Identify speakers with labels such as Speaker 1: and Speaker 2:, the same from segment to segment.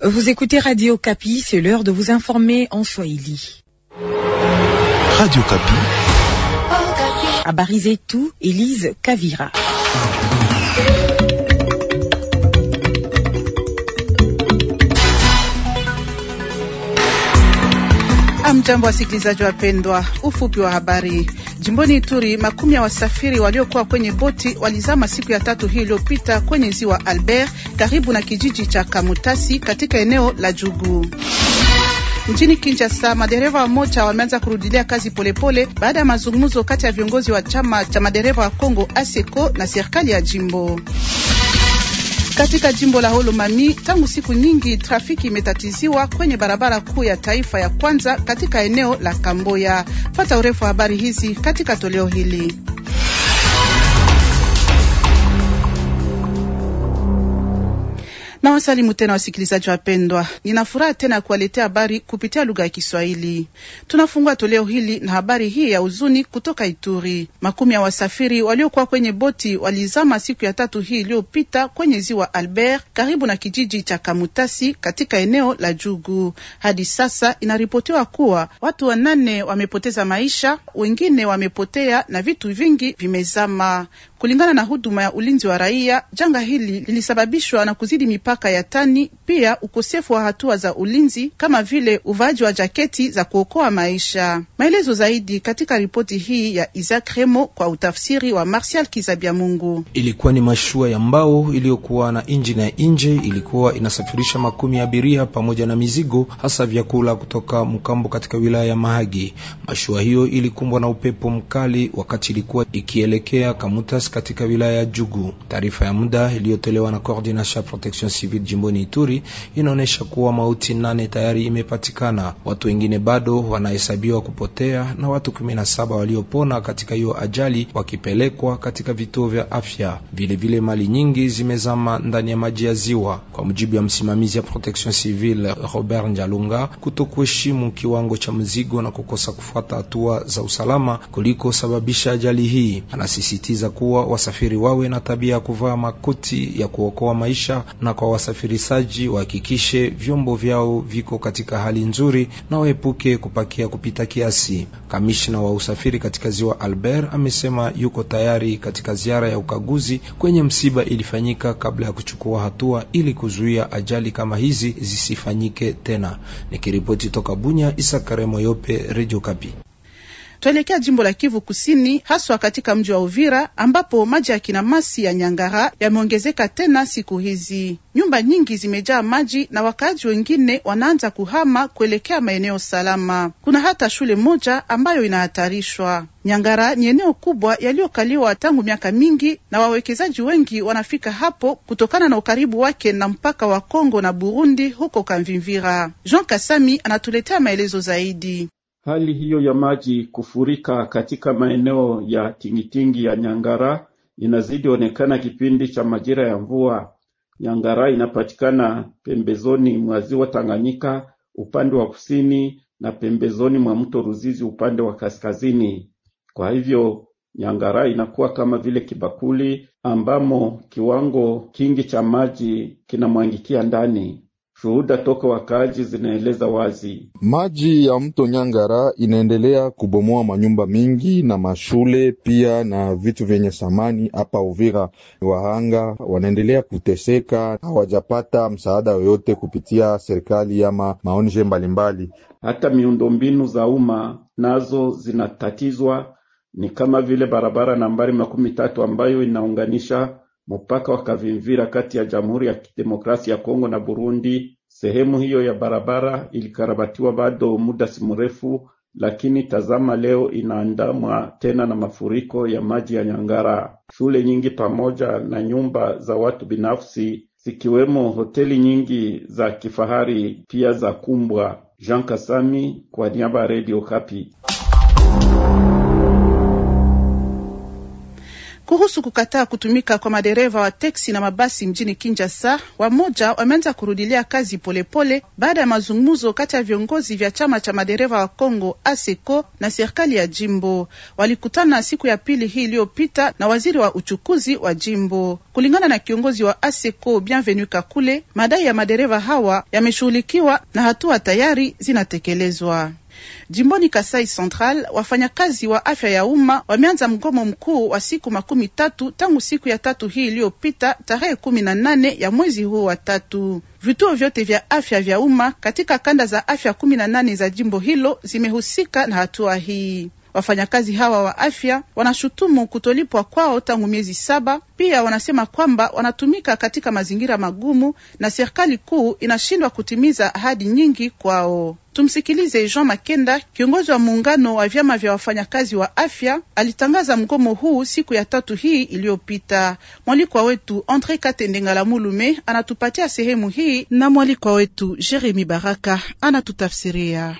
Speaker 1: Vous écoutez Radio Capi, c'est l'heure de vous informer en Swahili. Radio Kapi. À tout, Elise Kavira.
Speaker 2: Jimboni Ituri, makumi ya wasafiri waliokuwa kwenye boti walizama siku ya tatu hii iliyopita kwenye ziwa Albert karibu na kijiji cha Kamutasi katika eneo la Jugu. Nchini Kinshasa, madereva wamoja wameanza kurudilia kazi polepole baada ya mazungumzo kati ya viongozi wa chama cha madereva wa Kongo ASECO na serikali ya jimbo. Katika jimbo la Holomami tangu siku nyingi trafiki imetatiziwa kwenye barabara kuu ya taifa ya kwanza katika eneo la Kamboya. Pata urefu wa habari hizi katika toleo hili. na wasalimu tena wasikilizaji wapendwa, nina furaha tena kuwaletea habari kupitia lugha ya Kiswahili. Tunafungua toleo hili na habari hii ya huzuni kutoka Ituri. Makumi ya wasafiri waliokuwa kwenye boti walizama siku ya tatu hii iliyopita kwenye ziwa Albert karibu na kijiji cha Kamutasi katika eneo la Jugu. Hadi sasa inaripotiwa kuwa watu wanane wamepoteza maisha, wengine wamepotea na vitu vingi vimezama. Kulingana na huduma ya ulinzi wa raia, janga hili lilisababishwa na kuzidi mipaka mipaka ya tani, pia ukosefu wa hatua za ulinzi kama vile uvaaji wa jaketi za kuokoa maisha. Maelezo zaidi katika ripoti hii ya Isaac Remo kwa utafsiri wa Martial Kizabiamungu.
Speaker 3: Ilikuwa ni mashua ya mbao iliyokuwa na inji na nje, ilikuwa inasafirisha makumi ya abiria pamoja na mizigo, hasa vyakula kutoka Mkambo katika wilaya ya Mahagi. Mashua hiyo ilikumbwa na upepo mkali wakati ilikuwa ikielekea Kamutas katika wilaya ya Jugu. Taarifa ya muda iliyotolewa na Coordination Protection Civil jimboni Ituri inaonyesha kuwa mauti nane tayari imepatikana, watu wengine bado wanahesabiwa kupotea na watu 17 waliopona katika hiyo ajali wakipelekwa katika vituo vya afya. Vilevile vile mali nyingi zimezama ndani ya maji ya ziwa, kwa mujibu ya msimamizi ya Protection Civile Robert Njalunga. Kutokuheshimu kiwango cha mzigo na kukosa kufuata hatua za usalama kulikosababisha ajali hii. Anasisitiza kuwa wasafiri wawe na tabia ya kuvaa makoti ya kuokoa maisha na kwa wasafirishaji wahakikishe vyombo vyao viko katika hali nzuri na waepuke kupakia kupita kiasi. Kamishna wa usafiri katika ziwa Albert amesema yuko tayari katika ziara ya ukaguzi kwenye msiba ilifanyika kabla ya kuchukua hatua ili kuzuia ajali kama hizi zisifanyike tena. Nikiripoti toka Bunya, Isa Karemo Yope, Radio Kapi.
Speaker 2: Tuelekea jimbo la Kivu Kusini, haswa katika mji wa Uvira ambapo maji ya kinamasi ya Nyangara yameongezeka tena siku hizi. Nyumba nyingi zimejaa maji na wakaaji wengine wanaanza kuhama kuelekea maeneo salama. Kuna hata shule moja ambayo inahatarishwa. Nyangara ni eneo kubwa yaliyokaliwa tangu miaka mingi na wawekezaji wengi wanafika hapo kutokana na ukaribu wake na mpaka wa Kongo na Burundi huko Kamvimvira. Jean Kasami anatuletea maelezo zaidi.
Speaker 4: Hali hiyo ya maji kufurika katika maeneo ya tingitingi ya Nyangara inazidi onekana kipindi cha majira ya mvua. Nyangara inapatikana pembezoni mwa ziwa Tanganyika upande wa kusini na pembezoni mwa mto Ruzizi upande wa kaskazini. Kwa hivyo Nyangara inakuwa kama vile kibakuli ambamo kiwango kingi cha maji kinamwangikia ndani. Shuhuda toka wakaaji zinaeleza wazi
Speaker 5: maji ya mto Nyangara inaendelea kubomoa manyumba mingi na mashule pia na vitu vyenye samani hapa Uvira. Wahanga wanaendelea kuteseka, hawajapata msaada yoyote kupitia
Speaker 4: serikali ama maonje mbalimbali. Hata miundombinu za umma nazo zinatatizwa, ni kama vile barabara nambari makumi tatu ambayo inaunganisha mpaka wa Kavimvira kati ya Jamhuri ya Kidemokrasia ya Kongo na Burundi. Sehemu hiyo ya barabara ilikarabatiwa bado muda si mrefu, lakini tazama, leo inaandamwa tena na mafuriko ya maji ya Nyangara. Shule nyingi pamoja na nyumba za watu binafsi zikiwemo hoteli nyingi za kifahari pia za kumbwa. Jean Kasami kwa niaba ya Radio Kapi.
Speaker 2: Kuhusu kukataa kutumika kwa madereva wa teksi na mabasi mjini Kinshasa, wamoja wameanza kurudilia kazi polepole baada ya mazungumzo kati ya viongozi vya chama cha madereva wa Kongo ASECO na serikali ya jimbo. Walikutana siku ya pili hii iliyopita na waziri wa uchukuzi wa jimbo. Kulingana na kiongozi wa ASECO Bienvenu Kakule, madai ya madereva hawa yameshughulikiwa na hatua tayari zinatekelezwa. Jimboni Kasai Central, wafanyakazi wa afya ya umma wameanza mgomo mkuu wa siku makumi tatu tangu siku ya tatu hii iliyopita tarehe kumi na nane ya mwezi huu wa tatu. Vituo vyote vya afya vya umma katika kanda za afya kumi na nane za jimbo hilo zimehusika na hatua hii. Wafanyakazi hawa wa afya wanashutumu kutolipwa kwao tangu miezi saba. Pia wanasema kwamba wanatumika katika mazingira magumu na serikali kuu inashindwa kutimiza ahadi nyingi kwao. Tumsikilize Jean Makenda, kiongozi wa muungano wa vyama vya wafanyakazi wa afya, alitangaza mgomo huu siku ya tatu hii iliyopita. Mwalikwa wetu Andre Katendengala Mulume anatupatia sehemu hii na mwalikwa wetu Jeremi Baraka anatutafsiria.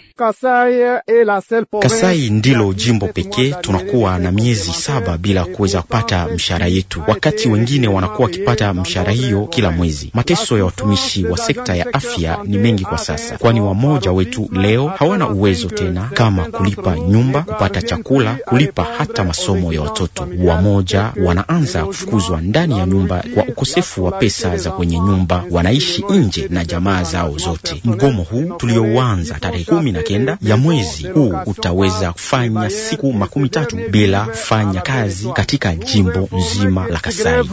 Speaker 2: Kasai
Speaker 6: ndilo jimbo pekee tunakuwa na miezi saba bila kuweza kupata mshahara yetu, wakati wengine wanakuwa wakipata mshahara hiyo kila mwezi. Mateso ya watumishi wa sekta ya afya ni mengi kwa sasa, kwani wamoja wetu leo hawana uwezo tena kama kulipa nyumba, kupata chakula, kulipa hata masomo ya watoto. Wamoja wanaanza kufukuzwa ndani ya nyumba kwa ukosefu wa pesa za kwenye nyumba, wanaishi nje na jamaa zao zote. Mgomo huu tuliouanza tarehe kumi na kenda ya mwezi huu utaweza kufanya siku makumi tatu bila kufanya kazi katika jimbo nzima la Kasai.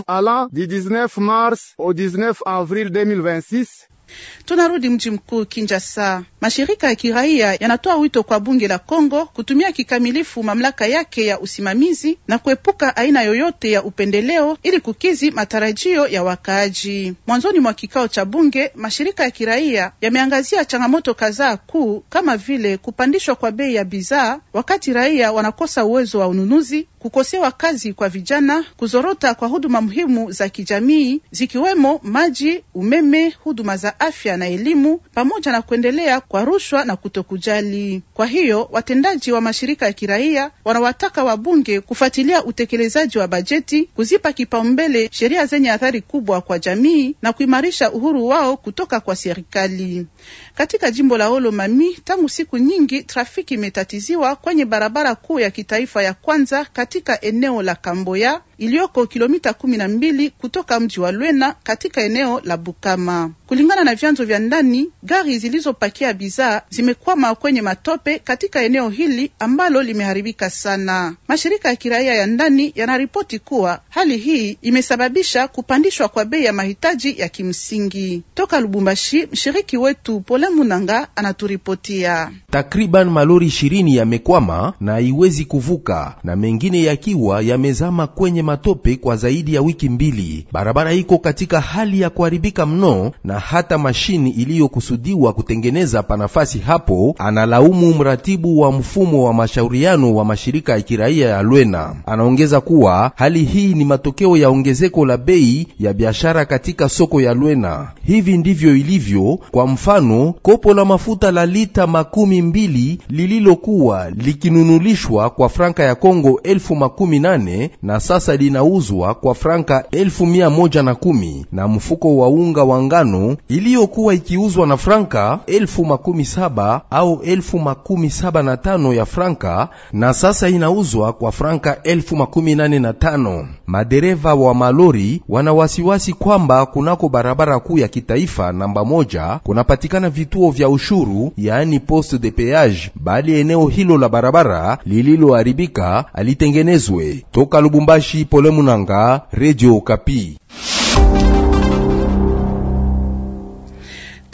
Speaker 2: Tunarudi mji mkuu kinjasa Mashirika ya kiraia yanatoa wito kwa bunge la Kongo kutumia kikamilifu mamlaka yake ya usimamizi na kuepuka aina yoyote ya upendeleo ili kukizi matarajio ya wakaaji. Mwanzoni mwa kikao cha bunge, mashirika ya kiraia yameangazia changamoto kadhaa kuu kama vile kupandishwa kwa bei ya bidhaa wakati raia wanakosa uwezo wa ununuzi, kukosewa kazi kwa vijana, kuzorota kwa huduma muhimu za kijamii zikiwemo maji, umeme, huduma za afya na elimu, pamoja na kuendelea kwa rushwa na kutokujali. Kwa hiyo watendaji wa mashirika ya kiraia wanawataka wabunge kufuatilia utekelezaji wa bajeti, kuzipa kipaumbele sheria zenye athari kubwa kwa jamii na kuimarisha uhuru wao kutoka kwa serikali. Katika jimbo la Olo Mami, tangu siku nyingi trafiki imetatiziwa kwenye barabara kuu ya kitaifa ya kwanza katika eneo la Kamboya iliyoko kilomita kumi na mbili kutoka mji wa Lwena katika eneo la Bukama. Kulingana na vyanzo vya ndani, gari zilizopakia bidhaa zimekwama kwenye matope katika eneo hili ambalo limeharibika sana. Mashirika ya kiraia ya ndani yanaripoti kuwa hali hii imesababisha kupandishwa kwa bei ya mahitaji ya kimsingi. Toka Lubumbashi, mshiriki wetu Pole Munanga anaturipotia.
Speaker 5: Takriban malori ishirini yamekwama na iwezi kuvuka na mengine yakiwa yamezama kwenye matope kwa zaidi ya wiki mbili. Barabara iko katika hali ya kuharibika mno na na hata mashini iliyokusudiwa kutengeneza pa nafasi hapo, analaumu mratibu wa mfumo wa mashauriano wa mashirika ya kiraia ya Lwena. Anaongeza kuwa hali hii ni matokeo ya ongezeko la bei ya biashara katika soko ya Lwena. Hivi ndivyo ilivyo. Kwa mfano, kopo la mafuta la lita makumi mbili lililokuwa likinunulishwa kwa franka ya Kongo elfu makumi nane na sasa linauzwa kwa franka elfu mia moja na kumi na mfuko wa unga wa ngano iliyokuwa ikiuzwa na franka elfu makumi saba au elfu makumi saba na tano ya franka na sasa inauzwa kwa franka elfu makumi nane na tano. Madereva wa malori wana wasiwasi kwamba kunako barabara kuu ya kitaifa namba moja kunapatikana vituo vya ushuru yaani poste de peage, bali eneo hilo la barabara lililoharibika alitengenezwe. Toka Lubumbashi, Pole Munanga, Radio Kapi.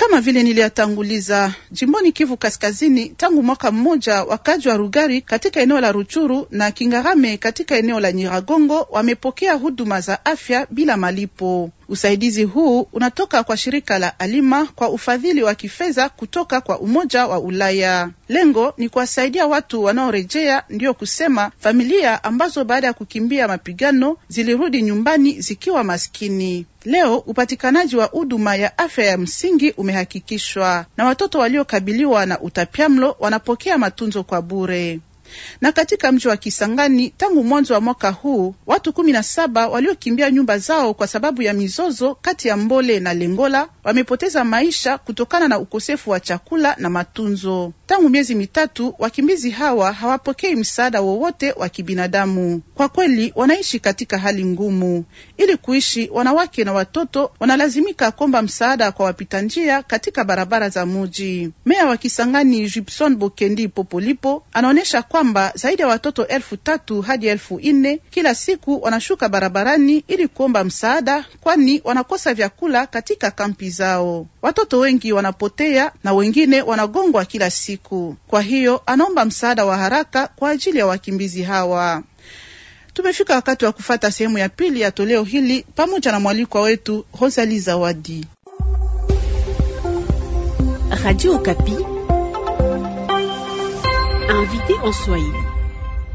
Speaker 2: Kama vile niliyatanguliza, jimboni Kivu Kaskazini, tangu mwaka mmoja, wakaji wa Rugari katika eneo la Ruchuru na Kingarame katika eneo la Nyiragongo wamepokea huduma za afya bila malipo. Usaidizi huu unatoka kwa shirika la Alima kwa ufadhili wa kifedha kutoka kwa Umoja wa Ulaya. Lengo ni kuwasaidia watu wanaorejea, ndiyo kusema familia ambazo baada ya kukimbia mapigano zilirudi nyumbani zikiwa maskini. Leo upatikanaji wa huduma ya afya ya msingi umehakikishwa na watoto waliokabiliwa na utapiamlo wanapokea matunzo kwa bure. Na katika mji wa Kisangani, tangu mwanzo wa mwaka huu watu kumi na saba waliokimbia nyumba zao kwa sababu ya mizozo kati ya Mbole na Lengola wamepoteza maisha kutokana na ukosefu wa chakula na matunzo. Tangu miezi mitatu, wakimbizi hawa hawapokei msaada wowote wa kibinadamu. Kwa kweli, wanaishi katika hali ngumu. Ili kuishi, wanawake na watoto wanalazimika kuomba msaada kwa wapita njia katika barabara za muji. Meya wa Kisangani Jipson Bokendi Popolipo anaonyesha kwa kwamba zaidi ya watoto elfu tatu hadi elfu nne kila siku wanashuka barabarani ili kuomba msaada, kwani wanakosa vyakula katika kampi zao. Watoto wengi wanapotea na wengine wanagongwa kila siku. Kwa hiyo anaomba msaada wa haraka kwa ajili ya wakimbizi hawa. Tumefika wakati wa kufata sehemu ya pili ya toleo hili pamoja na mwalikwa wetu Rosali Zawadi,
Speaker 1: Radio Kapi. Invité en Swahili.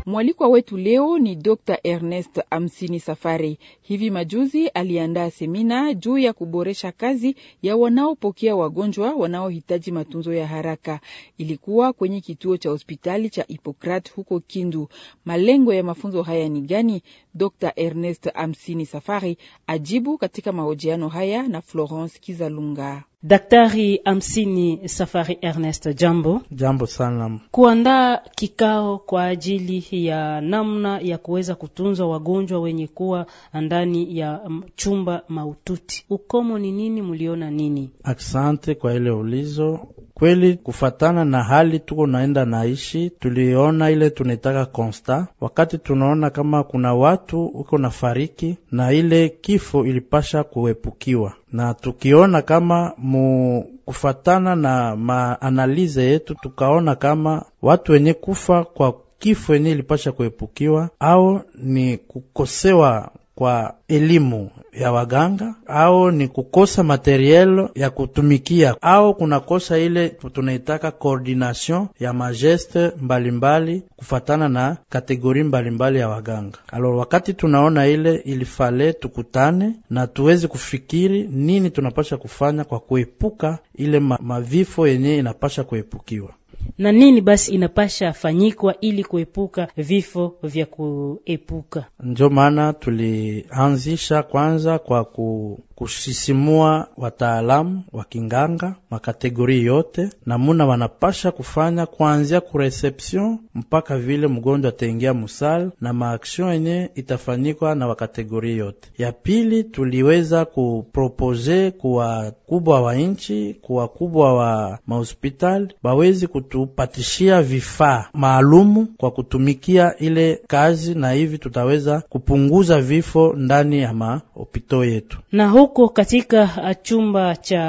Speaker 1: Mwalikwa wetu leo ni Dr. Ernest Amsini Safari. Hivi majuzi aliandaa semina juu ya kuboresha kazi ya wanaopokea wagonjwa wanaohitaji matunzo ya haraka. Ilikuwa kwenye kituo cha hospitali cha Hipokrat huko Kindu. Malengo ya mafunzo haya ni gani? Dr. Ernest Amsini Safari ajibu katika mahojiano haya na Florence Kizalunga. Daktari
Speaker 7: hamsini Safari Ernest, jambo. Jambo sana.
Speaker 1: Kuandaa kikao kwa
Speaker 7: ajili ya namna ya kuweza kutunza wagonjwa wenye kuwa ndani ya chumba maututi, ukomo ni nini, mliona nini?
Speaker 8: Asante kwa ile ulizo. Kweli kufatana na hali tuko naenda naishi, tuliona ile tunaitaka konsta, wakati tunaona kama kuna watu uko na fariki na ile kifo ilipasha kuepukiwa, na tukiona kama mu kufatana na maanalize yetu tukaona kama watu wenye kufa kwa kifo yenye ilipasha kuepukiwa au ni kukosewa kwa elimu ya waganga au ni kukosa materiel ya kutumikia au kunakosa ile tunaitaka coordination ya majeste mbalimbali kufatana na kategori mbalimbali mbali ya waganga. alo wakati tunaona ile, ilifale tukutane na tuweze kufikiri nini tunapasha kufanya kwa kuepuka ile ma, mavifo yenye inapasha kuepukiwa
Speaker 7: na nini basi inapasha fanyikwa ili kuepuka vifo vya kuepuka.
Speaker 8: Ndio maana tulianzisha kwanza kwa ku kusisimua wataalamu wa kinganga makategorii yote, namuna wanapasha kufanya kuanzia reception mpaka vile mgonjwa ataingia musala na maaksion yenye itafanyikwa na wakategori yote. Ya pili tuliweza kupropose kuwa kubwa wa nchi kuwa kubwa wa mahospitali bawezi kutupatishia vifaa maalumu kwa kutumikia ile kazi, na hivi tutaweza kupunguza vifo ndani ya mahopito yetu
Speaker 7: na huko katika ah, chumba cha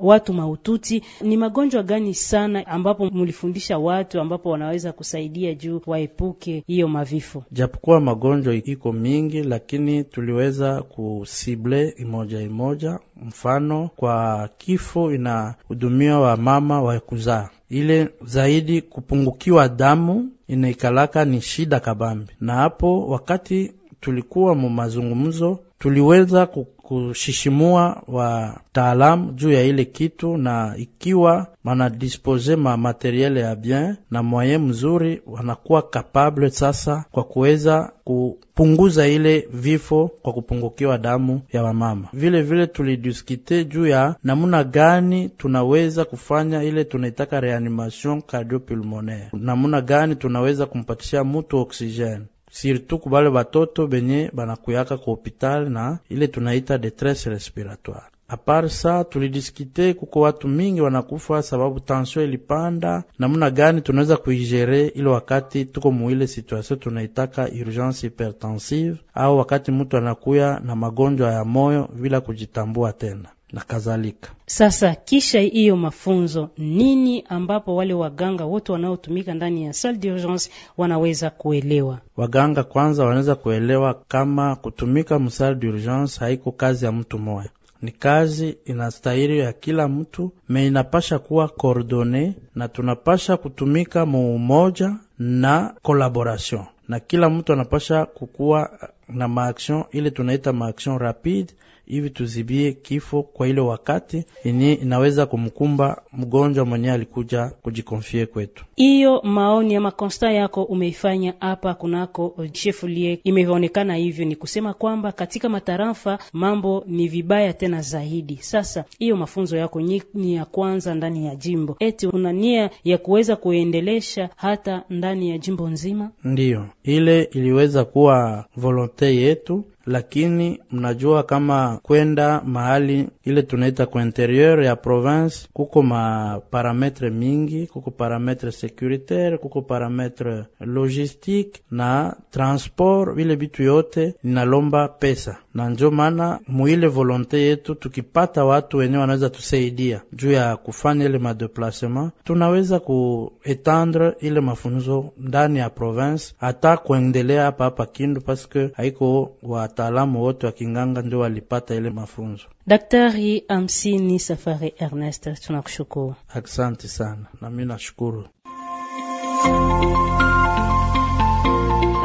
Speaker 7: watu mahututi, ni magonjwa gani sana ambapo mulifundisha watu ambapo wanaweza kusaidia juu waepuke hiyo mavifo?
Speaker 8: Japokuwa magonjwa iko mingi, lakini tuliweza kusible imoja imoja. Mfano, kwa kifo inahudumiwa wa mama wa kuzaa ile zaidi kupungukiwa damu inaikalaka ni shida kabambi, na hapo wakati tulikuwa mu mazungumzo tuliweza kushishimua wataalamu juu ya ile kitu, na ikiwa wanadispose ma materiele ya bien na moyen mzuri, wanakuwa kapable sasa kwa kuweza kupunguza ile vifo kwa kupungukiwa damu ya wamama. Vile vile tulidiskite juu ya namuna gani tunaweza kufanya ile tunaitaka reanimation cardiopulmonaire, namuna gani tunaweza kumpatisha mutu oksijeni sirtu kubale batoto benye banakuyaka ku hopital na ile tunaita detresse respiratoire. Apar sa tulidiskite kuko watu mingi wanakufa sababu tension ilipanda, namuna gani tunaweza kuigere ile wakati tuko muile situation tunaitaka urgence hypertensive, au wakati mtu anakuya na magonjwa ya moyo bila kujitambua tena na kadhalika.
Speaker 7: Sasa kisha hiyo mafunzo, nini ambapo wale waganga wote wanaotumika ndani ya salle d'urgence wanaweza kuelewa?
Speaker 8: Waganga kwanza wanaweza kuelewa kama kutumika msalle d'urgence haiko kazi ya mtu moya, ni kazi inastahili ya kila mtu me inapasha kuwa kordone na tunapasha kutumika muumoja na kolaboration, na kila mtu anapasha kukuwa na maaction ile tunaita maaction rapide hivi tuzibie kifo kwa ile wakati yenye inaweza kumkumba mgonjwa mwenyewe alikuja kujikonfie kwetu.
Speaker 7: Hiyo maoni ama konsta yako umeifanya hapa kunako chefulie, imeonekana hivyo, ni kusema kwamba katika matarafa mambo ni vibaya tena zaidi. Sasa hiyo mafunzo yako ni ya kwanza ndani ya jimbo, eti una nia ya kuweza kuendelesha hata ndani ya jimbo nzima?
Speaker 8: Ndiyo, ile iliweza kuwa volontaire kote yetu, lakini mnajua kama kwenda mahali ile tunaita kwa interieur ya province kuko ma parametre mingi, kuko parametre securitaire, kuko parametre logistique na transport. Vile vitu yote ninalomba pesa na ndio maana muile volonte yetu, tukipata watu wenye wanaweza tusaidia juu ya kufanya ile madeplasema, tunaweza kuetendre ile mafunzo ndani ya province, hata kuendelea hapa hapa Kindu, paske haiko wataalamu wote wa kinganga ndio walipata ile mafunzo.
Speaker 7: Daktari Amsini Safari Ernest, tunakushukuru. Asante
Speaker 8: sana, nami nashukuru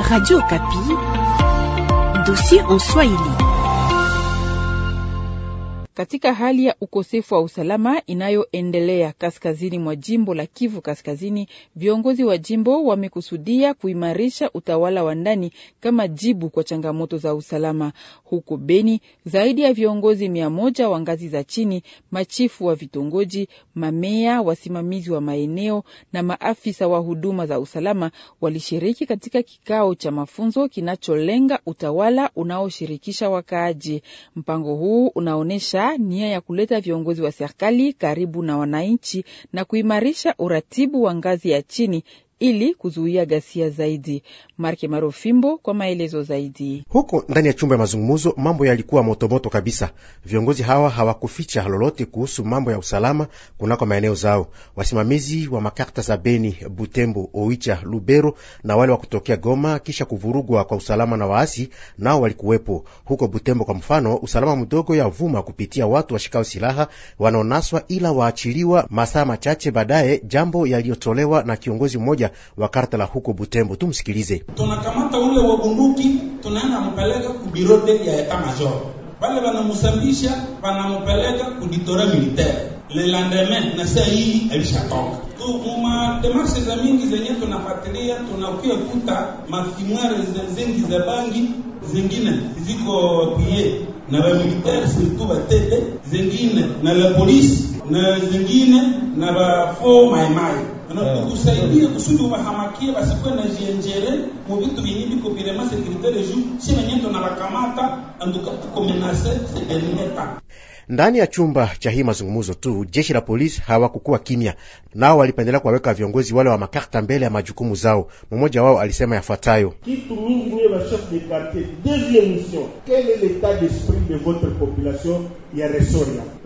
Speaker 1: Radio Kapi. dossier en Swahili. katika hali ya ukosefu wa usalama inayoendelea kaskazini mwa jimbo la Kivu Kaskazini, viongozi wa jimbo wamekusudia kuimarisha utawala wa ndani kama jibu kwa changamoto za usalama. Huko Beni, zaidi ya viongozi mia moja wa ngazi za chini, machifu wa vitongoji, mameya, wasimamizi wa maeneo na maafisa wa huduma za usalama walishiriki katika kikao cha mafunzo kinacholenga utawala unaoshirikisha wakaaji. Mpango huu unaonyesha nia ya kuleta viongozi wa serikali karibu na wananchi na kuimarisha uratibu wa ngazi ya chini ili kuzuia ghasia zaidi. Marke Marofimbo kwa maelezo zaidi.
Speaker 6: Huko ndani ya chumba ya mazungumuzo mambo yalikuwa motomoto kabisa. Viongozi hawa hawakuficha lolote kuhusu mambo ya usalama kunako maeneo zao. Wasimamizi wa makarta za Beni, Butembo, Oicha, Lubero na wale wa kutokea Goma kisha kuvurugwa kwa usalama na waasi nao walikuwepo huko Butembo. Kwa mfano, usalama mdogo ya vuma kupitia watu washikao silaha wanaonaswa ila waachiliwa masaa machache baadaye, jambo yaliyotolewa na kiongozi mmoja mmoja wa karta la huko Butembo.
Speaker 3: Tumsikilize. tunakamata ule wa bunduki, tunaenda mpeleka kubirode ya eta major, wale wanamusambisha ku kuditora militaire lendemain na saa hii alishatoka tumademarshi za mingi zenye tunafatilia, tunakuya kuta mafimware zengi za bangi zingine ziko pie na surtout ba tete zingine na la police na zingine na bafo maimai usaidie kusudi ubahamakie basikwe na jienjere mu bitu binini kubirema sekirite reju sibenye tonarakamata anduka tukomenase sebeneta
Speaker 6: ndani ya chumba cha hii mazungumzo tu, jeshi la polisi hawakukuwa kimya, nao walipendelea kuwaweka viongozi wale wa makarta mbele ya majukumu zao. Mmoja wao alisema yafuatayo: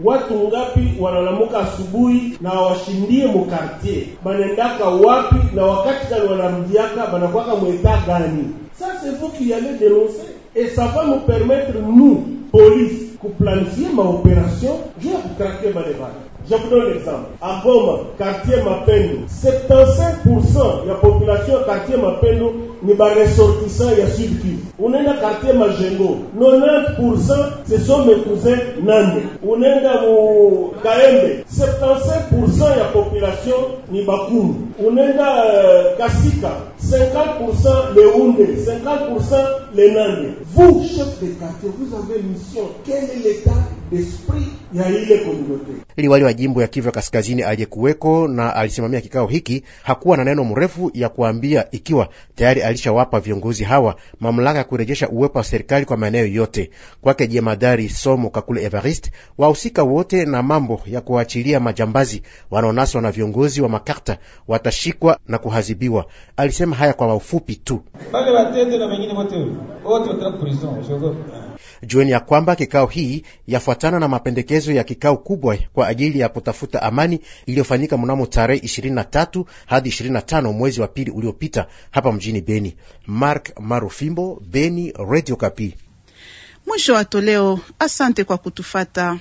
Speaker 4: watu ngapi wanalamuka asubuhi na washindie mukartier, banendaka wapi na wakati gani wanamjiaka, banakwaka mweta gani? Sasa il faut qu'il y ait des dénoncer et ça va nous permettre nous police pour planifier ma opération, je vais vous craquer ma démarche. Je vous donne l'exemple. À Rome, quartier Mapendo, 75% de la population quartier Mapendo ni baressortissants On est dans le quartier Majengo, 90% ce sont mes cousins Nande. dans quartier Kaembe, 75% de la population ni On le quartier euh, Kasika, 50% Hunde, 50% les nani. Vous, chef de quartier, vous avez mission. Quel est l'état d'esprit ya ile komunote?
Speaker 6: Liwali wa jimbo ya Kivu ya Kaskazini aliyekuweko na alisimamia kikao hiki hakuwa na neno mrefu ya kuambia, ikiwa tayari alishawapa viongozi hawa mamlaka ya kurejesha uwepo wa serikali kwa maeneo yote. Kwake jemadari Somo Kakule evarist wahusika wote na mambo ya kuachilia majambazi wanaonaswa na viongozi wa makarta watashikwa na kuhazibiwa. Alisema haya kwa ufupi tu,
Speaker 3: wale watende na wengine wote
Speaker 6: Jueni ya kwamba kikao hii yafuatana na mapendekezo ya kikao kubwa kwa ajili ya kutafuta amani iliyofanyika mnamo tarehe 23 hadi 25 mwezi wa pili uliopita hapa mjini Beni. Mark Marufimbo, Beni, Radio Kapi.
Speaker 2: Mwisho wa toleo. Asante kwa kutufata.